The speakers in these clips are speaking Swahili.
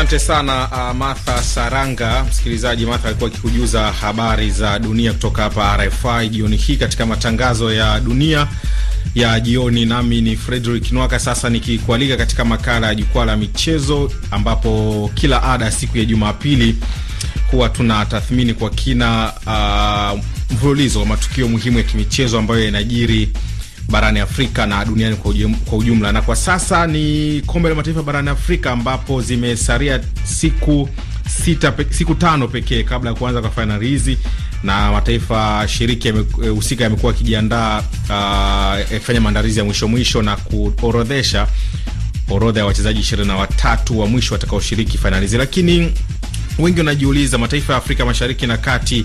Asante sana uh, Martha Saranga. Msikilizaji, Martha alikuwa akikujuza habari za dunia kutoka hapa RFI jioni hii katika matangazo ya dunia ya jioni, nami ni Frederick Nwaka, sasa nikikualika katika makala ya jukwaa la michezo, ambapo kila ada ya siku ya Jumapili huwa tuna tathmini kwa kina uh, mfululizo wa matukio muhimu ya kimichezo ambayo yanajiri barani Afrika na duniani kwa ujumla. Na kwa sasa ni kombe la mataifa barani Afrika ambapo zimesalia siku sita, pe, siku tano pekee kabla ya kuanza kwa fainali hizi, na mataifa shiriki eh, husika yame, yamekuwa yakijiandaa ah, yakifanya uh, maandalizi ya mwisho mwisho na kuorodhesha orodha ya wachezaji ishirini na watatu wa mwisho watakaoshiriki fainali hizi, lakini wengi wanajiuliza mataifa ya Afrika Mashariki na Kati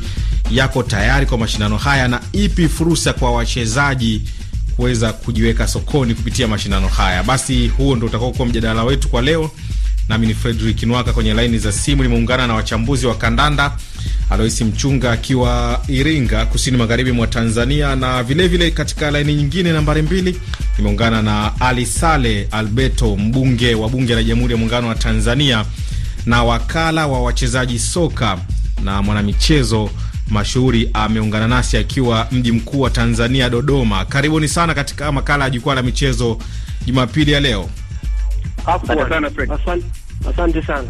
yako tayari kwa mashindano haya, na ipi fursa kwa wachezaji kuweza kujiweka sokoni kupitia mashindano haya. Basi huo ndo utakao kuwa mjadala wetu kwa leo. Nami ni Fredrick Nwaka. Kwenye laini za simu nimeungana na wachambuzi wa kandanda, Aloisi Mchunga akiwa Iringa, kusini magharibi mwa Tanzania, na vilevile vile katika laini nyingine nambari mbili nimeungana na Ali Sale Alberto, mbunge wa bunge la Jamhuri ya Muungano wa Tanzania na wakala wa wachezaji soka na mwanamichezo mashuhuri ameungana nasi akiwa mji mkuu wa Tanzania, Dodoma. Karibuni sana katika makala ya jukwaa la michezo Jumapili ya leo. Asante sana.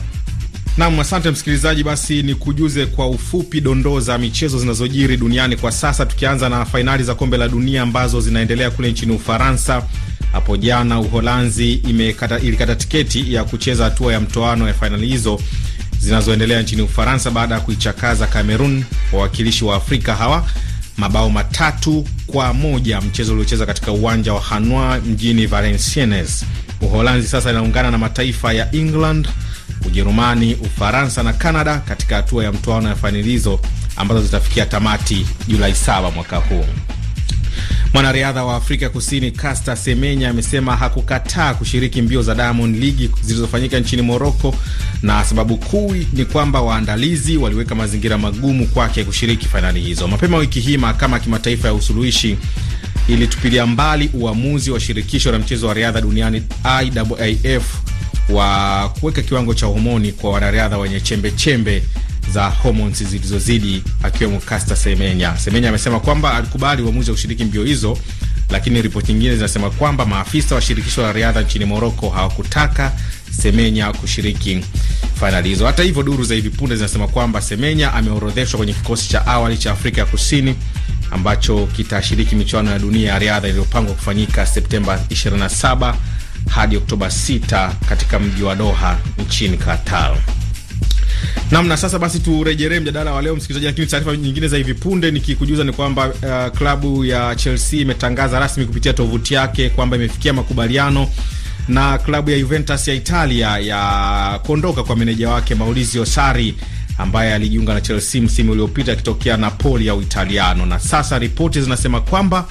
asante msikilizaji. Basi ni kujuze kwa ufupi dondoo za michezo zinazojiri duniani kwa sasa, tukianza na fainali za kombe la dunia ambazo zinaendelea kule nchini Ufaransa. Hapo jana Uholanzi ilikata tiketi ya kucheza hatua ya mtoano ya fainali hizo zinazoendelea nchini Ufaransa baada ya kuichakaza Cameroon, wawakilishi wa Afrika hawa mabao matatu kwa moja, mchezo uliocheza katika uwanja wa Hanoi mjini Valenciennes. Uholanzi sasa inaungana na mataifa ya England, Ujerumani, Ufaransa na Canada katika hatua ya mtoano ya fanilizo ambazo zitafikia tamati Julai 7 mwaka huu. Mwanariadha wa Afrika Kusini Caster Semenya amesema hakukataa kushiriki mbio za Diamond League zilizofanyika nchini Morocco, na sababu kuu ni kwamba waandalizi waliweka mazingira magumu kwake kushiriki fainali hizo. Mapema wiki hii mahakama ya kimataifa ya usuluhishi ilitupilia mbali uamuzi wa shirikisho la mchezo wa riadha duniani IAAF wa kuweka kiwango cha homoni kwa wanariadha wenye chembe chembe za hormones zilizozidi akiwemo Caster Semenya. Semenya amesema kwamba alikubali uamuzi wa kushiriki mbio hizo, lakini ripoti nyingine zinasema kwamba maafisa wa shirikisho la riadha nchini Moroko hawakutaka Semenya kushiriki fainali hizo. Hata hivyo, duru za hivi punde zinasema kwamba Semenya ameorodheshwa kwenye kikosi cha awali cha Afrika ya Kusini ambacho kitashiriki michuano ya dunia ya riadha iliyopangwa kufanyika Septemba 27 hadi Oktoba 6 katika mji wa Doha nchini Qatar. Namna sasa basi turejelee mjadala wa leo msikilizaji, lakini taarifa nyingine za hivi punde nikikujuza ni kwamba uh, klabu ya Chelsea imetangaza rasmi kupitia tovuti yake kwamba imefikia makubaliano na klabu ya Juventus ya Italia ya kuondoka kwa meneja wake Maurizio Sarri ambaye alijiunga na Chelsea msimu uliopita akitokea Napoli ya Uitaliano, na sasa ripoti zinasema kwamba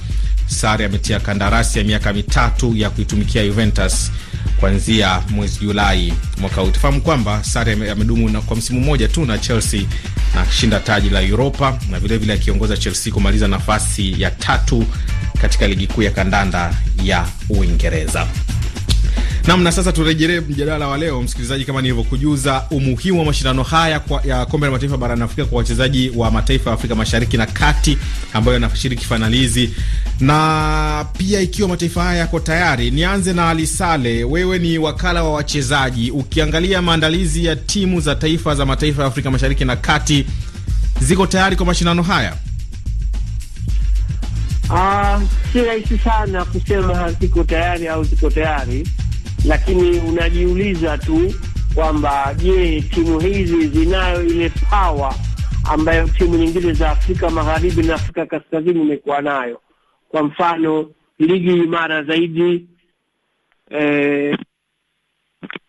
Sarri ametia kandarasi ya miaka mitatu ya kuitumikia Juventus kuanzia mwezi Julai mwaka huu. Tufahamu kwamba sare amedumu kwa msimu mmoja tu na Chelsea na kushinda taji la uropa na vilevile akiongoza Chelsea kumaliza nafasi ya tatu katika ligi kuu ya kandanda ya Uingereza. Namna sasa, turejelee mjadala wa leo, msikilizaji, kama nilivyokujuza umuhimu wa mashindano haya kwa, ya kombe la mataifa barani Afrika kwa wachezaji wa mataifa ya Afrika mashariki na kati ambayo yanashiriki fainali hizi, na pia ikiwa mataifa haya yako tayari. Nianze na Alisale, wewe ni wakala wa wachezaji, ukiangalia maandalizi ya timu za taifa za mataifa ya Afrika mashariki na kati, ziko tayari kwa mashindano haya? Uh, si rahisi sana kusema ziko tayari au ziko tayari lakini unajiuliza tu kwamba je, timu hizi zinayo ile power ambayo timu nyingine za Afrika Magharibi na Afrika Kaskazini imekuwa nayo? Kwa mfano ligi imara zaidi, eh,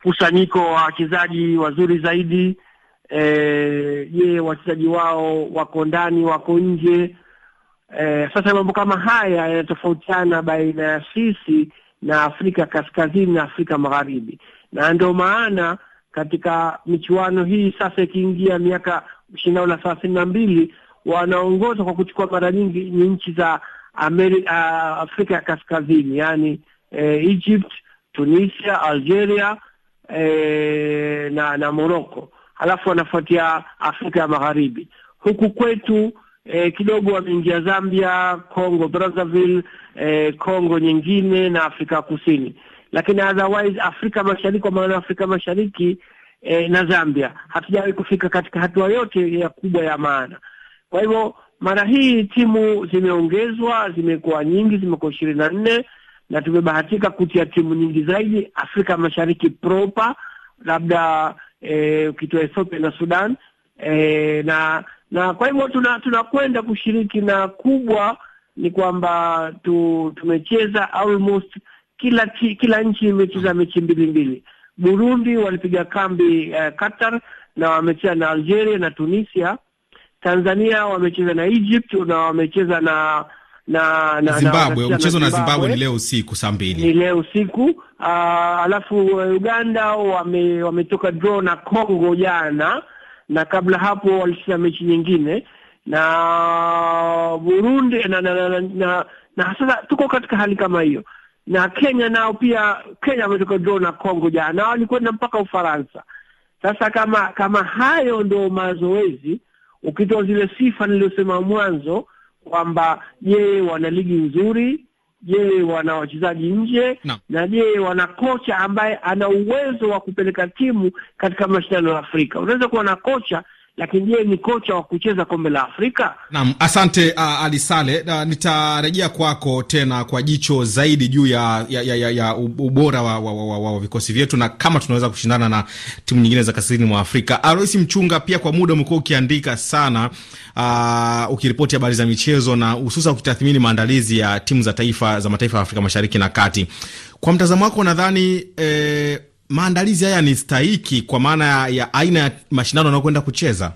mkusanyiko eh, wa wachezaji wazuri zaidi. Eh, je, eh, wachezaji wao wako ndani, wako nje? Eh, sasa mambo kama haya yanatofautiana baina ya sisi na Afrika kaskazini na Afrika magharibi, na ndio maana katika michuano hii sasa ikiingia miaka shindano la thelathini na mbili wanaongoza kwa kuchukua mara nyingi ni nchi za Ameri uh, Afrika ya kaskazini yani eh, Egypt, Tunisia, Algeria eh, na na Morocco, halafu wanafuatia Afrika ya magharibi. Huku kwetu e, kidogo wameingia Zambia, Congo Brazzaville, e, Congo nyingine na Afrika Kusini, lakini otherwise Afrika Mashariki, kwa maana Afrika Mashariki e, na Zambia hatujawahi kufika katika hatua yote ya kubwa ya maana. Kwa hivyo mara hii timu zimeongezwa, zimekuwa nyingi, zimekuwa ishirini na nne na tumebahatika kutia timu nyingi zaidi Afrika Mashariki proper, labda ukitoa e, Ethiopia na Sudan e, na na kwa hivyo tunakwenda tuna kushiriki, na kubwa ni kwamba tu, tumecheza almost kila kila nchi imecheza mechi mbili mbili. Burundi walipiga kambi eh, Qatar na wamecheza na Algeria na Tunisia. Tanzania wamecheza na Egypt na wamecheza na na, na Zimbabwe. Mchezo na Zimbabwe ni leo usiku saa mbili, ni leo usiku. Ah, alafu eh, Uganda wametoka wame draw na Congo jana na kabla hapo walicheza mechi nyingine na Burundi na, na, na, na, na, na sasa tuko katika hali kama hiyo, na Kenya nao pia, Kenya wametoka draw na Kongo jana, walikwenda mpaka Ufaransa. Sasa kama kama hayo ndio mazoezi, ukitoa zile sifa nilizosema mwanzo kwamba je, wana ligi nzuri Je, wana wachezaji nje no. na je, wana kocha ambaye ana uwezo wa kupeleka timu katika mashindano ya Afrika? Unaweza kuwa na kocha lakini je, ni kocha wa kucheza kombe la Afrika? Naam, asante uh, Ali Sale uh, nitarejea kwako tena kwa jicho zaidi juu ya, ya, ya, ya ubora wa, wa, wa, wa, wa vikosi vyetu na kama tunaweza kushindana na timu nyingine za kaskazini mwa Afrika. Uh, Alois Mchunga, pia kwa muda umekuwa ukiandika sana uh, ukiripoti habari za michezo na hususan ukitathmini maandalizi ya timu za taifa za mataifa ya Afrika Mashariki na Kati. Kwa mtazamo wako, nadhani eh, maandalizi haya ni stahiki kwa maana ya aina ya mashindano anayokwenda kucheza?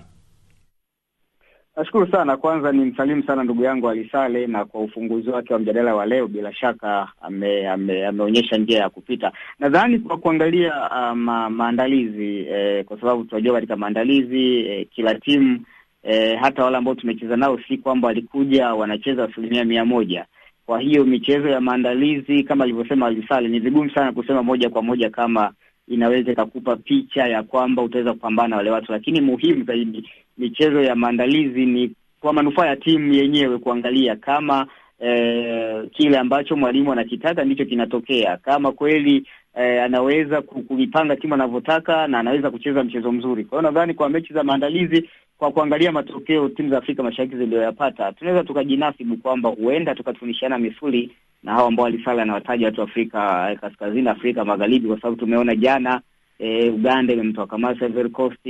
Nashukuru sana kwanza, ni msalimu sana ndugu yangu Alisale na kwa ufunguzi wake wa mjadala wa leo, bila shaka ame, ame, ameonyesha njia ya kupita. Nadhani kwa kuangalia uh, ma, maandalizi eh, kwa sababu tunajua katika maandalizi eh, kila timu eh, hata wale ambao tumecheza nao si kwamba walikuja wanacheza asilimia mia moja kwa hiyo michezo ya maandalizi kama alivyosema Alisale, ni vigumu sana kusema moja kwa moja kama inaweza ikakupa picha ya kwamba utaweza kupambana wale watu, lakini muhimu zaidi michezo ya maandalizi ni kwa manufaa ya timu yenyewe, kuangalia kama eh, kile ambacho mwalimu anakitaka ndicho kinatokea, kama kweli eh, anaweza kuipanga timu anavyotaka na anaweza kucheza mchezo mzuri. Kwa hiyo nadhani kwa mechi za maandalizi, kwa kuangalia matokeo timu za Afrika Mashariki ziliyoyapata, tunaweza tukajinasibu kwamba huenda tukatunishana misuli na hao ambao walisala na wataja watu Afrika eh, Kaskazini, Afrika Magharibi, kwa sababu tumeona jana eh, Uganda imemtoa kamasa Ivory Coast.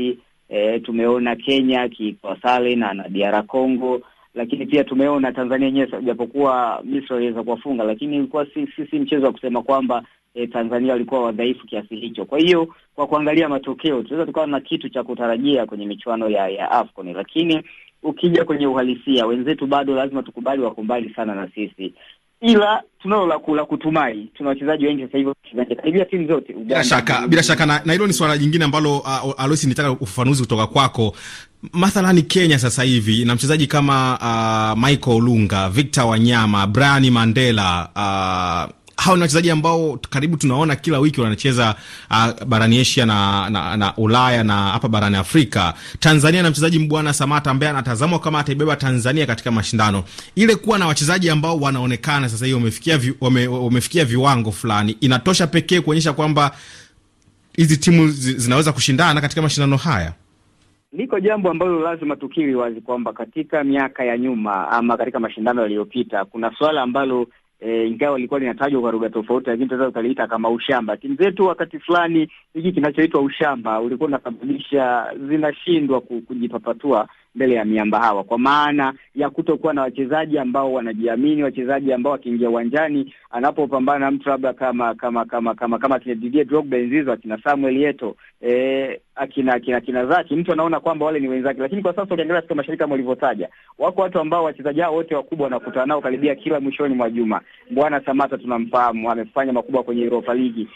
Eh, tumeona Kenya kikwasale na na DR Congo, lakini pia tumeona Tanzania yenyewe, japokuwa Misri waliweza kuwafunga, lakini ilikuwa si, si, si mchezo wa kusema kwamba e, Tanzania walikuwa wadhaifu kiasi hicho. Kwa hiyo kwa kuangalia matokeo tunaweza tukawa na kitu cha kutarajia kwenye michuano ya, ya AFCON, lakini ukija kwenye uhalisia wenzetu bado lazima tukubali, wako mbali sana na sisi, ila tunalo la kutumai. Tuna wachezaji wengi sasa hivi karibia timu zote bila shaka, bila shaka na, na hilo ni swala jingine ambalo uh, Aloisi nitaka ufafanuzi kutoka kwako. Mathalani Kenya sasa hivi na mchezaji kama uh, Michael Olunga, Victor Wanyama, Brian Mandela uh, hawa ni wachezaji ambao karibu tunaona kila wiki wanacheza uh, barani Asia na, na, na Ulaya na hapa barani Afrika. Tanzania na mchezaji Mbwana Samata ambaye anatazamwa kama ataibeba Tanzania katika mashindano. Ile kuwa na wachezaji ambao wanaonekana sasa hivi wamefikia, vi, wame, wamefikia viwango fulani inatosha pekee kuonyesha kwamba hizi timu zinaweza kushindana katika mashindano haya. Liko jambo ambalo lazima tukiri wazi kwamba katika miaka ya nyuma ama katika mashindano yaliyopita kuna suala ambalo e, ingawa ilikuwa linatajwa kwa lugha tofauti, lakini tunaweza ukaliita kama ushamba. zetu wakati fulani hiki kinachoitwa ushamba ulikuwa unasababisha zinashindwa kujipapatua mbele ya miamba hawa, kwa maana ya kutokuwa na wachezaji ambao wanajiamini, wachezaji ambao wakiingia uwanjani, anapopambana mtu labda kama kama kama kama kama kina Didier Drogba Nzizo, akina Samuel Eto'o, e, akina akina akina Zaki, mtu anaona kwamba wale ni wenzake. Lakini kwa sasa ukiangalia katika mashirika kama ulivyotaja, wako watu ambao wachezaji hao wote wakubwa wanakutana nao karibia kila mwishoni mwa juma. Bwana Samata tunamfahamu, amefanya makubwa kwenye Europa League.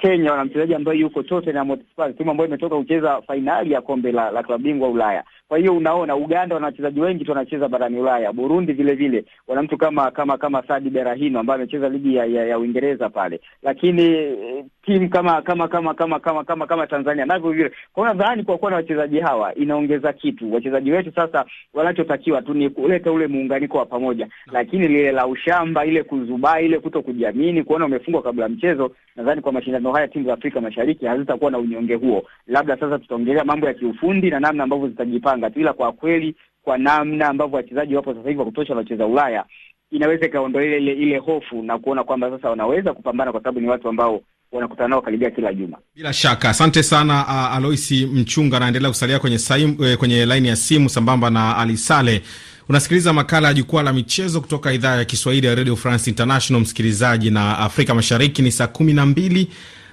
Kenya wana mchezaji ambaye yuko Tottenham Hotspur, timu ambayo imetoka kucheza fainali ya kombe la, la klabu bingwa Ulaya. Kwa hiyo unaona Uganda wana wachezaji wengi tu wanacheza barani Ulaya. Burundi vile vile wana mtu kama kama kama Sadi Berahino ambaye amecheza ligi ya, ya, ya Uingereza pale, lakini eh, timu kama kama kama kama kama kama kama Tanzania navyo vile. Kwa hiyo nadhani kwa kuwa na wachezaji hawa inaongeza kitu. Wachezaji wetu sasa wanachotakiwa tu ni kuleta ule muunganiko wa pamoja, lakini lile la ushamba, ile kuzubaa, ile kuto kujiamini, kuona umefungwa kabla mchezo, nadhani kwa mashindano haya timu za Afrika Mashariki hazitakuwa na unyonge huo. Labda sasa tutaongelea mambo ya kiufundi na namna ambavyo zitajipanga Pangati, ila kwa kweli kwa namna ambavyo wachezaji wapo sasa hivi wa kutosha wanacheza Ulaya inaweza ikaondolea ile ile hofu na kuona kwamba sasa wanaweza kupambana kwa sababu ni watu ambao wanakutana nao karibia kila juma. Bila shaka, asante sana uh, Aloisi Mchunga anaendelea kusalia kwenye saimu, eh, kwenye laini ya simu sambamba na Ali Sale. Unasikiliza makala ya jukwaa la michezo kutoka idhaa ya Kiswahili ya Radio France International, msikilizaji, na Afrika Mashariki ni saa kumi na mbili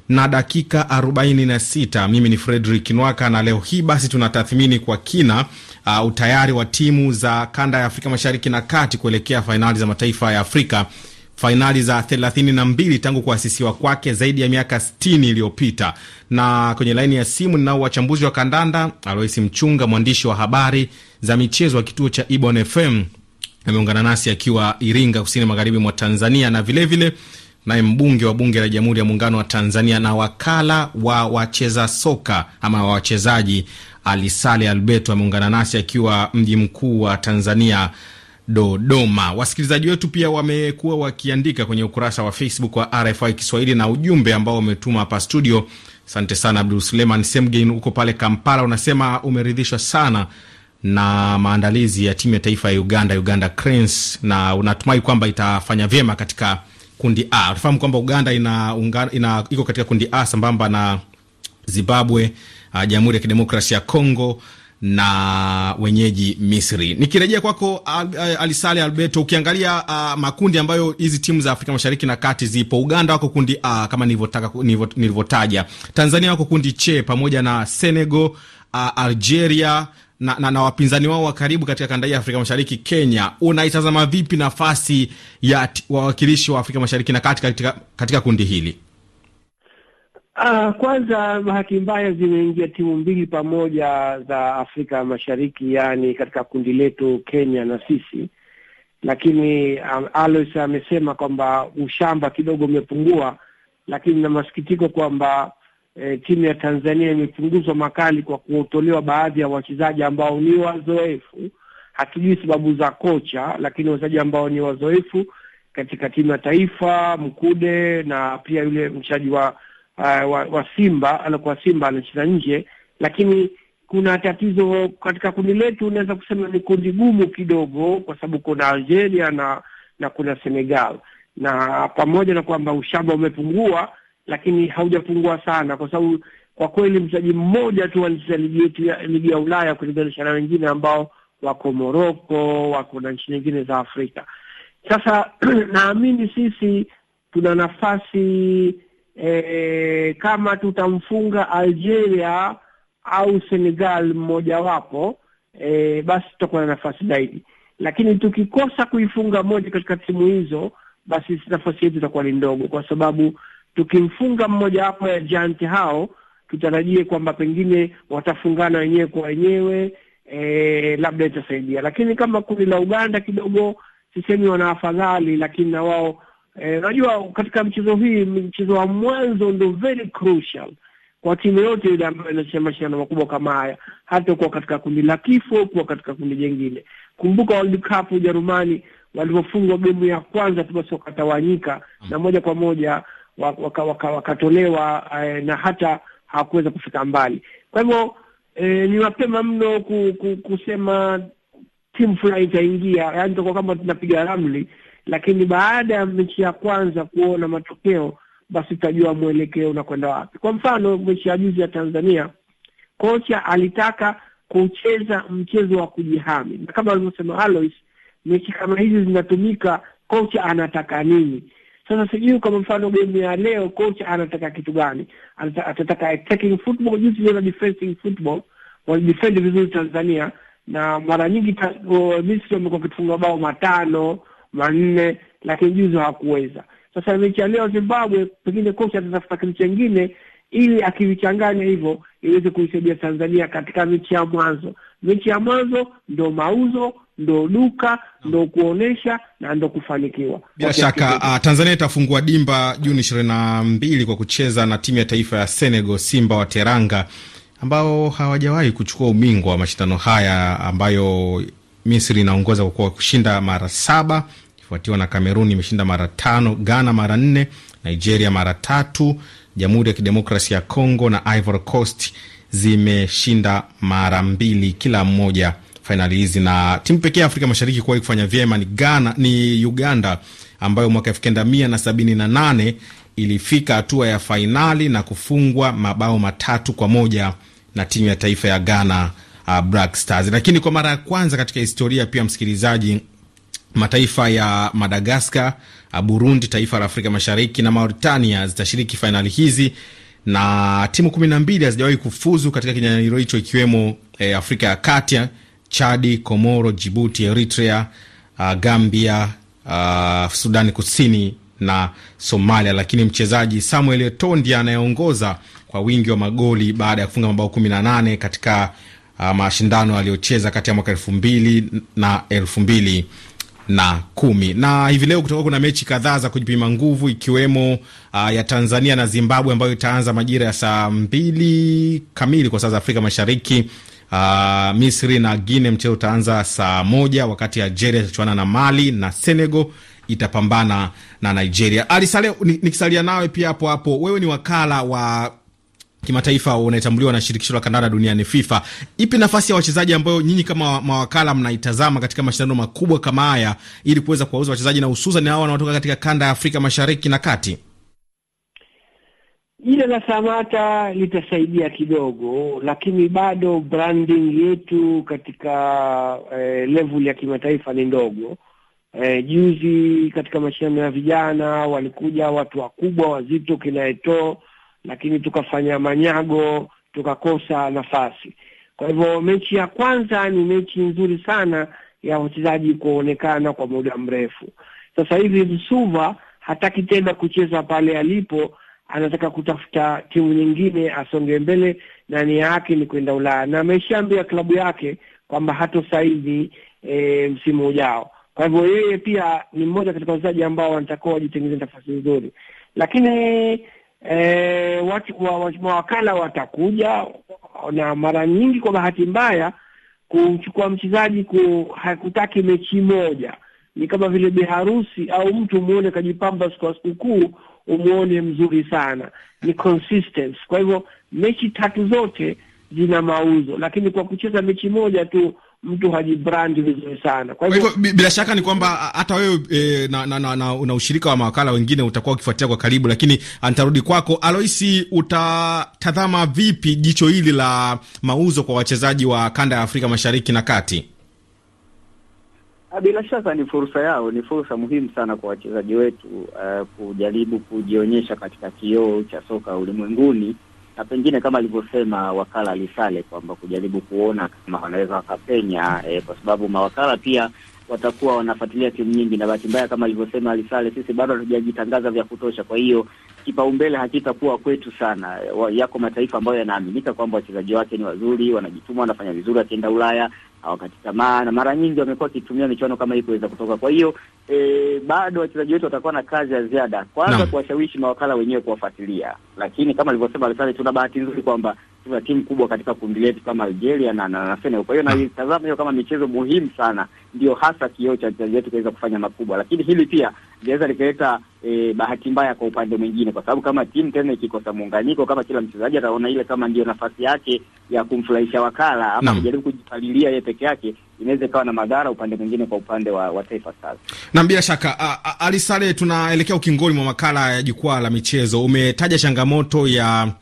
na dakika 46. Mimi ni Fredrick Nwaka na leo hii basi tunatathmini kwa kina uh, utayari wa timu za kanda ya Afrika Mashariki na Kati kuelekea fainali za mataifa ya Afrika, fainali za 32 tangu kuasisiwa kwake zaidi ya miaka 60 iliyopita. Na kwenye laini ya simu ninao wachambuzi wa kandanda, Alois Mchunga, mwandishi wa habari za michezo wa kituo cha Ibon FM ameungana nasi akiwa Iringa, kusini magharibi mwa Tanzania, na vilevile vile, naye mbunge wa bunge la Jamhuri ya Muungano wa Tanzania na wakala wa wacheza soka ama wa wachezaji Alisale Alberto ameungana nasi akiwa mji mkuu wa Tanzania, Dodoma. Wasikilizaji wetu pia wamekuwa wakiandika kwenye ukurasa wa Facebook wa RFI Kiswahili na ujumbe ambao wametuma hapa studio. Asante sana Abdul Suleiman Semgen, huko pale Kampala, unasema umeridhishwa sana na maandalizi ya timu ya taifa ya Uganda, Uganda Cranes, na unatumai kwamba itafanya vyema katika kundi A. Tufahamu kwamba Uganda ina, ina iko katika kundi A sambamba na Zimbabwe, uh, Jamhuri ya Kidemokrasia ya Kongo na wenyeji Misri. Nikirejea kwako eh, Alisale Alberto, ukiangalia uh, makundi ambayo hizi timu za Afrika Mashariki na Kati zipo, Uganda wako kundi A kama nilivyotaja, Tanzania wako kundi C pamoja na Senegal, uh, Algeria na, na, na wapinzani wao wa karibu katika kanda ya Afrika Mashariki, Kenya, unaitazama vipi nafasi ya wawakilishi wa Afrika Mashariki na kati katika, katika kundi hili? Uh, kwanza bahati mbaya zimeingia timu mbili pamoja za Afrika Mashariki, yaani katika kundi letu Kenya na sisi, lakini um, Alois amesema kwamba ushamba kidogo umepungua, lakini na masikitiko kwamba e, timu ya Tanzania imepunguzwa makali kwa kuotolewa baadhi ya wachezaji ambao ni wazoefu. Hatujui sababu za kocha, lakini wachezaji ambao ni wazoefu katika timu ya taifa, Mkude na pia yule mchezaji wa, uh, wa wa Simba alikuwa Simba anacheza nje, lakini kuna tatizo katika kundi letu, unaweza kusema ni kundi gumu kidogo, kwa sababu kuna Algeria na na kuna Senegal, na pamoja na kwamba ushamba umepungua, lakini haujapungua sana, kwa sababu kwa kweli mchezaji mmoja tu alicheza ligi yetu ya ligi ya Ulaya kulinganisha na wengine ambao wako Moroko, wako na nchi nyingine za Afrika. Sasa naamini sisi tuna nafasi e, kama tutamfunga Algeria au Senegal mmojawapo e, basi tutakuwa na nafasi zaidi, lakini tukikosa kuifunga moja katika timu hizo, basi nafasi yetu itakuwa ni ndogo, kwa sababu tukimfunga wapo ya janti hao tutarajie kwamba pengine watafungana wenyewe kwa wenyewe e, labda itasaidia. Lakini kama kundi la Uganda kidogo sisemi wana afadhali, lakini na wao e, unajua e, katika mchezo hii mchezo wa mwanzo ndo very crucial kwa timu yote yule ambayo inacheza mashindano makubwa kama haya, hata kuwa katika kundi la kifo, kuwa katika kundi jingine. Kumbuka World Cup Ujerumani walivyofungwa gemu ya kwanza tu, basi wakatawanyika na moja kwa moja wakatolewa waka, waka eh, na hata hawakuweza kufika mbali. Kwa hivyo eh, ni mapema mno ku, ku, kusema timu fulani itaingia, yaani tutakuwa kama tunapiga ramli, lakini baada ya mechi ya kwanza kuona matokeo, basi tutajua mwelekeo unakwenda wapi. Kwa mfano mechi ya juzi ya Tanzania, kocha alitaka kucheza mchezo wa kujihami, na kama alivyosema Alois, mechi kama hizi zinatumika, kocha anataka nini? Sasa sijui kwa mfano game ya leo kocha anataka kitu gani? Atataka attacking football. Juzi tuliona defending football, walidefend vizuri Tanzania, na mara nyingi Misri wamekuwa wakifunga bao matano manne, lakini juzi hawakuweza. Sasa mechi ya leo Zimbabwe, pengine kocha atatafuta kitu chengine ili akivichanganya hivyo iweze kuisaidia Tanzania katika mechi ya mwanzo. Mechi ya mwanzo ndio mauzo, ndo duka ndo kuonesha na ndo kufanikiwa. Bila shaka uh, Tanzania itafungua dimba Juni ishirini na mbili kwa kucheza na timu ya taifa ya Senegal, Simba wa Teranga ambao hawajawahi kuchukua ubingwa wa mashindano haya ambayo Misri inaongoza kwa kushinda mara saba ifuatiwa na Kamerun imeshinda mara tano, Ghana mara nne, Nigeria mara tatu, Jamhuri ya Kidemokrasia ya Kongo na Ivory Coast zimeshinda mara mbili kila mmoja fainali hizi, na timu pekee ya Afrika Mashariki kuwahi kufanya vyema ni Ghana, ni Uganda ambayo mwaka elfu kenda mia na sabini na nane ilifika hatua ya fainali na kufungwa mabao matatu kwa moja na timu ya taifa ya Ghana, uh, Black Stars. Lakini kwa mara ya kwanza katika historia pia, msikilizaji, mataifa ya Madagaskar, uh, Burundi, taifa la Afrika Mashariki na Mauritania zitashiriki fainali hizi na timu kumi na mbili hazijawahi kufuzu katika kinyang'anyiro hicho ikiwemo eh, Afrika ya Kati Chadi, Komoro, Jibuti, Eritrea, uh, Gambia, uh, Sudani Kusini na Somalia. Lakini mchezaji Samuel Eto'o ndiye anayeongoza kwa wingi wa magoli baada ya kufunga mabao 18 katika uh, mashindano aliyocheza kati ya mwaka elfu mbili na elfu mbili na kumi. Na hivi leo kutakuwa kuna mechi kadhaa za kujipima nguvu ikiwemo uh, ya Tanzania na Zimbabwe ambayo itaanza majira ya saa mbili kamili kwa saa za Afrika Mashariki, Uh, Misri na Guine mchezo utaanza saa moja, wakati Algeria itachuana na Mali na Senegal itapambana na Nigeria. Ali nikisalia nawe pia hapo hapo, wewe ni wakala wa kimataifa unaetambuliwa na shirikisho la kandanda duniani FIFA. Ipi nafasi ya wachezaji ambayo nyinyi kama mawakala mnaitazama katika mashindano makubwa kama haya ili kuweza kuwauza wachezaji na hususan hawa wanaotoka katika kanda ya Afrika Mashariki na Kati? Jina la Samata litasaidia kidogo, lakini bado branding yetu katika eh, level ya kimataifa ni ndogo. Eh, juzi katika mashindano ya vijana walikuja watu wakubwa wazito kina Eto, lakini tukafanya manyago tukakosa nafasi. Kwa hivyo mechi ya kwanza ni mechi nzuri sana ya wachezaji kuonekana kwa muda mrefu. Sasa hivi Msuva hataki tena kucheza pale alipo anataka kutafuta timu nyingine asonge mbele na nia yake ni kwenda Ulaya, na ameshaambia klabu yake kwamba hatosaini e, msimu ujao. Kwa hivyo yeye pia ni mmoja katika wachezaji ambao wanatakiwa wajitengeze nafasi nzuri, lakini e, mawakala watakuja, na mara nyingi kwa bahati mbaya kumchukua mchezaji hakutaki mechi moja ni kama vile biharusi au mtu umwone kajipamba siku ya sikukuu umuone mzuri sana, ni consistency. Kwa hivyo mechi tatu zote zina mauzo, lakini kwa kucheza mechi moja tu mtu hajibrandi vizuri sana. Kwa hivyo bila shaka ni kwamba hata wewe e, na, na, na, na, na ushirika wa mawakala wengine utakuwa ukifuatia kwa karibu, lakini nitarudi kwako Aloisi, utatazama vipi jicho hili la mauzo kwa wachezaji wa kanda ya Afrika Mashariki na Kati? Ah, bila shaka ni fursa yao, ni fursa muhimu sana kwa wachezaji wetu uh, kujaribu kujionyesha katika kioo cha soka ulimwenguni, na pengine kama alivyosema wakala Lisale kwamba kujaribu kuona kama wanaweza wakapenya eh, kwa sababu mawakala pia watakuwa wanafuatilia timu nyingi, na bahati mbaya kama alivyosema Alisale, sisi bado hatujajitangaza vya kutosha. Kwa hiyo kipaumbele hakitakuwa kwetu sana. Yako mataifa ambayo yanaaminika kwamba wachezaji wake ni wazuri, wanajituma, wanafanya vizuri, wakienda Ulaya hawakati tamaa, na mara nyingi wamekuwa wakitumia michuano kama hii kuweza kutoka. Kwa hiyo e, bado wachezaji wetu watakuwa na kazi ya ziada, kwanza kuwashawishi mawakala wenyewe kuwafuatilia, lakini kama alivyosema Alisali, tuna bahati nzuri kwamba tuna timu kubwa katika kundi letu kama Algeria na na, na Senegal. Kwa hiyo naitazama hiyo kama michezo muhimu sana, ndio hasa kioo cha wachezaji wetu kuweza kufanya makubwa, lakini hili pia linaweza likaleta e, bahati mbaya kwa upande mwingine, kwa sababu kama timu tena ikikosa muunganiko, kama kila mchezaji ataona ile kama ndiyo nafasi yake ya kumfurahisha wakala ama kujaribu kujipalilia yeye peke yake, inaweza ikawa na madhara upande mwingine kwa upande wa, wa Taifa Stars. Na bila shaka Alisale, tunaelekea ukingoni mwa makala ya jukwaa la michezo. Umetaja changamoto ya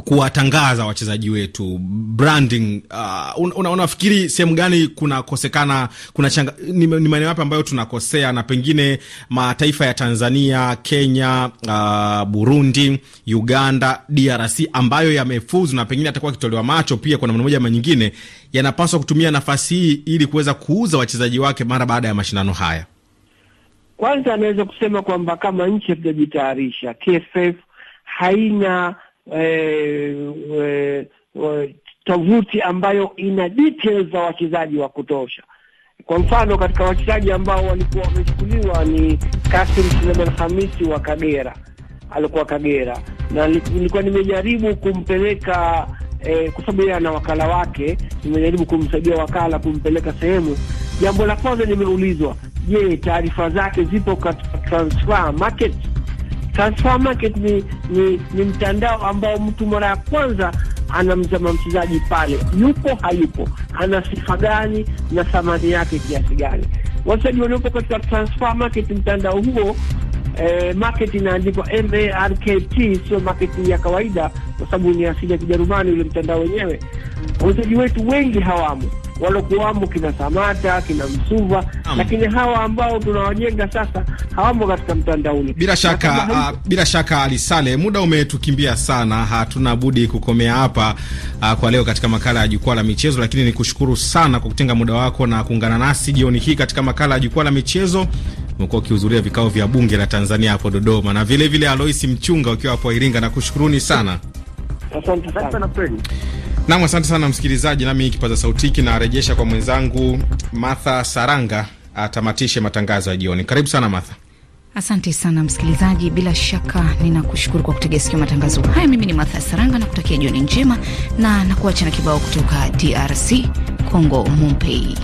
kuwatangaza wachezaji wetu branding, uh, una, una sehemu gani kunakosekana? Kuna changa, ni, ni maeneo yapi ambayo tunakosea, na pengine mataifa ya Tanzania, Kenya, uh, Burundi, Uganda, DRC ambayo yamefuzu na pengine atakuwa akitolewa macho pia kwa namna moja ama nyingine, yanapaswa kutumia nafasi hii ili kuweza kuuza wachezaji wake mara baada ya mashindano haya. Kwanza anaweza kusema kwamba kama nchi hatujajitayarisha, TFF haina eh, eh, eh, tovuti ambayo ina details za wachezaji wa kutosha. Kwa mfano, katika wachezaji ambao walikuwa wamechukuliwa ni Kasim Suleiman Hamisi wa Kagera, alikuwa Kagera, na nilikuwa nimejaribu kumpeleka eh, kwa sababu yeye ana wakala wake, nimejaribu kumsaidia wakala kumpeleka sehemu. Jambo la kwanza nimeulizwa, je, taarifa zake zipo katika transfer market? Transfer market ni, ni, ni mtandao ambao mtu mara ya kwanza anamzama mchezaji pale, yupo hayupo, ana sifa gani na thamani yake kiasi gani. Wachezaji waliopo katika transfer market, mtandao huo eh, market inaandikwa MARKT, sio market ya kawaida, kwa sababu ni asili ya Kijerumani ule mtandao wenyewe. Wachezaji wetu wengi hawamo walokuwamo kina Samata, kina Msuva, lakini hawa ambao tunawajenga sasa hawamo katika mtandaoni. Bila shaka uh, bila shaka Alisale, muda umetukimbia sana, hatuna budi kukomea hapa uh, kwa leo katika makala ya jukwaa la michezo, lakini nikushukuru sana kwa kutenga muda wako na kuungana nasi jioni hii katika makala ya jukwaa la michezo. Umekuwa ukihudhuria vikao vya bunge la Tanzania hapo Dodoma na vilevile Aloisi Mchunga ukiwa hapo Iringa, nakushukuruni sana. Asante sana. Nam, asante sana msikilizaji, nami kipaza sauti hiki narejesha kwa mwenzangu Martha Saranga atamatishe matangazo ya jioni. Karibu sana Martha. Asante sana msikilizaji, bila shaka ninakushukuru kwa kutegea sikio matangazo haya. Mimi ni Martha Saranga na kutakia jioni njema na nakuacha na kibao kutoka DRC Congo, Mumpei.